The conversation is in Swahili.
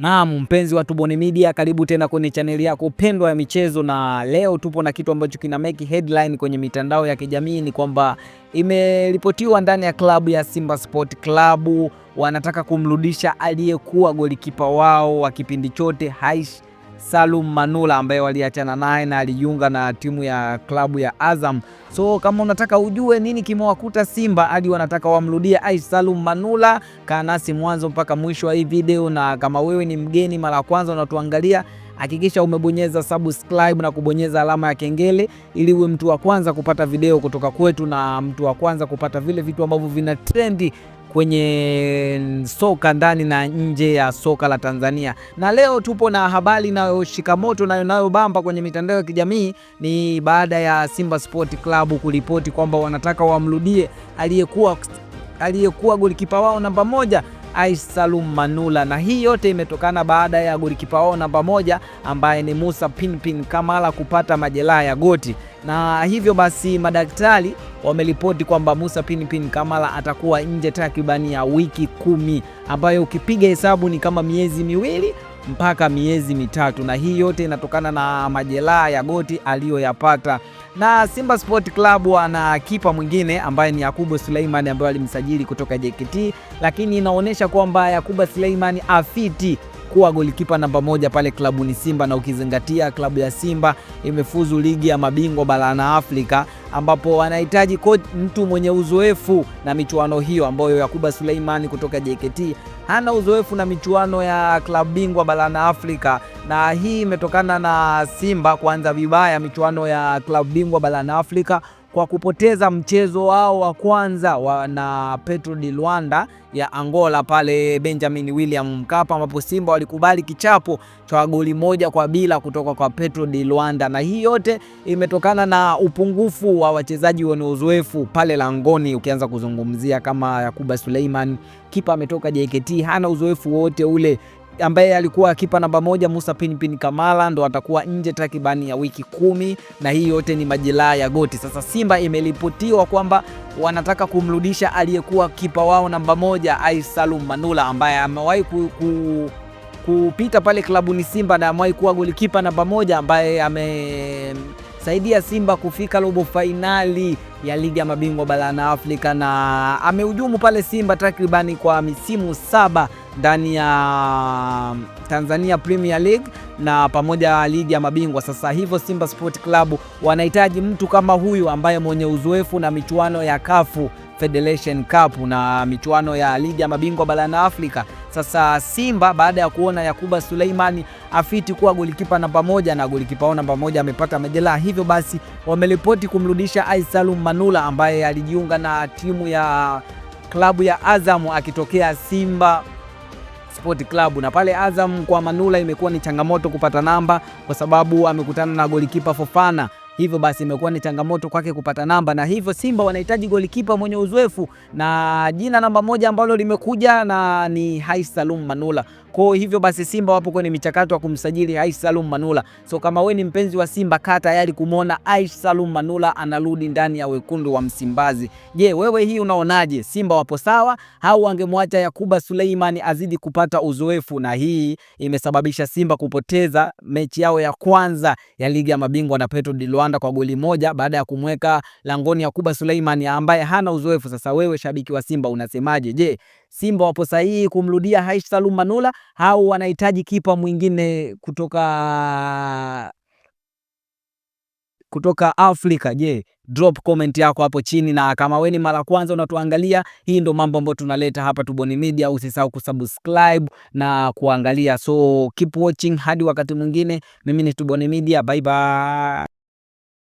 Naam, mpenzi wa Tubone Media, karibu tena kwenye chaneli yako pendwa ya michezo, na leo tupo na kitu ambacho kina make headline kwenye mitandao ya kijamii. Ni kwamba imeripotiwa ndani ya klabu ya Simba Sport Klabu wanataka kumrudisha aliyekuwa golikipa wao wa kipindi chote Haish Salum Manula ambaye waliachana naye na alijiunga na timu ya klabu ya Azam. So kama unataka ujue nini kimewakuta Simba hadi wanataka wamrudie ai Salum Manula, kaa nasi mwanzo mpaka mwisho wa hii video, na kama wewe ni mgeni mara ya kwanza unatuangalia hakikisha umebonyeza subscribe na kubonyeza alama ya kengele ili uwe mtu wa kwanza kupata video kutoka kwetu na mtu wa kwanza kupata vile vitu ambavyo vina trendi kwenye soka ndani na nje ya soka la Tanzania. Na leo tupo na habari inayoshika moto na inayobamba kwenye mitandao ya kijamii ni baada ya Simba Sport Club kuripoti kwamba wanataka wamrudie aliyekuwa aliyekuwa golikipa wao namba moja Aisalum Manula, na hii yote imetokana baada ya golikipa wao namba moja ambaye ni Musa Pinpin Kamala kupata majeraha ya goti, na hivyo basi madaktari wameripoti kwamba Musa Pinpin Kamala atakuwa nje takribani ya wiki kumi, ambayo ukipiga hesabu ni kama miezi miwili mpaka miezi mitatu, na hii yote inatokana na majeraha ya goti aliyoyapata. Na Simba Sport Club wana kipa mwingine ambaye ni Yakubu Suleimani ambaye alimsajili kutoka JKT, lakini inaonyesha kwamba Yakubu Suleimani afiti kuwa golikipa namba moja pale klabu ni Simba, na ukizingatia klabu ya Simba imefuzu ligi ya mabingwa barani Afrika, ambapo wanahitaji mtu mwenye uzoefu na michuano hiyo ambayo Yakuba Suleimani kutoka JKT hana uzoefu na michuano ya klabu bingwa barani Afrika, na hii imetokana na Simba kuanza vibaya michuano ya klabu bingwa barani Afrika kwa kupoteza mchezo wao wa kwanza wa na Petro di Luanda ya Angola pale Benjamin William Mkapa, ambapo Simba walikubali kichapo cha goli moja kwa bila kutoka kwa Petro di Luanda, na hii yote imetokana na upungufu wa wachezaji wenye uzoefu pale langoni. Ukianza kuzungumzia kama Yakuba Suleiman, kipa ametoka JKT, hana uzoefu wote ule ambaye alikuwa akipa namba moja Musa Pinpin Kamala ndo atakuwa nje takribani ya wiki kumi, na hii yote ni majeraha ya goti. Sasa Simba imeripotiwa kwamba wanataka kumrudisha aliyekuwa kipa wao namba moja Ais Salum Manula ambaye amewahi ku, ku, kupita pale klabu ni Simba na amewahi kuwa golikipa namba moja ambaye amesaidia Simba kufika robo fainali ya ligi ya mabingwa barani Afrika na amehujumu pale Simba takribani kwa misimu saba ndani ya mm, Tanzania Premier League na pamoja ligi ya mabingwa. Sasa hivyo Simba Sport Club wanahitaji mtu kama huyu ambaye mwenye uzoefu na michuano ya Kafu Federation Cup na michuano ya ligi ya mabingwa barani Afrika. Sasa Simba baada ya kuona Yakuba Suleimani afiti kuwa golikipa namba moja na golikipa wao namba moja amepata majeraha, hivyo basi wameripoti kumrudisha Aisalum Manula ambaye alijiunga na timu ya klabu ya Azamu akitokea Simba Sport Club, na pale Azam kwa Manula imekuwa ni changamoto kupata namba kwa sababu amekutana na golikipa Fofana hivyo basi imekuwa ni changamoto kwake kupata namba, na hivyo Simba wanahitaji golikipa mwenye uzoefu, na jina namba moja ambalo limekuja na ni Hai Salum Manula. Kwa hivyo basi Simba wapo kwenye michakato ya kumsajili Aish Salum Manula. So kama wewe ni mpenzi wa Simba, kaa tayari kumwona Aish Salum Manula anarudi ndani ya wekundu wa Msimbazi. Je, wewe hii unaonaje? Simba wapo sawa au wangemwacha Yakuba Suleiman azidi kupata uzoefu? Na hii imesababisha Simba kupoteza mechi yao ya kwanza ya ligi ya mabingwa na Petro di Luanda kwa goli moja baada ya kumweka langoni Yakuba Suleiman ambaye hana uzoefu. Sasa wewe shabiki wa Simba unasemaje? Je, Simba wapo sahihi kumrudia Aish Salum Manula au wanahitaji kipa mwingine kutoka kutoka Afrika. Je, drop comment yako hapo chini, na kama we ni mara kwanza unatuangalia, hii ndo mambo ambayo tunaleta hapa Tubone Media. Usisahau kusubscribe na kuangalia, so keep watching hadi wakati mwingine. Mimi ni Tubone Media, bye bye.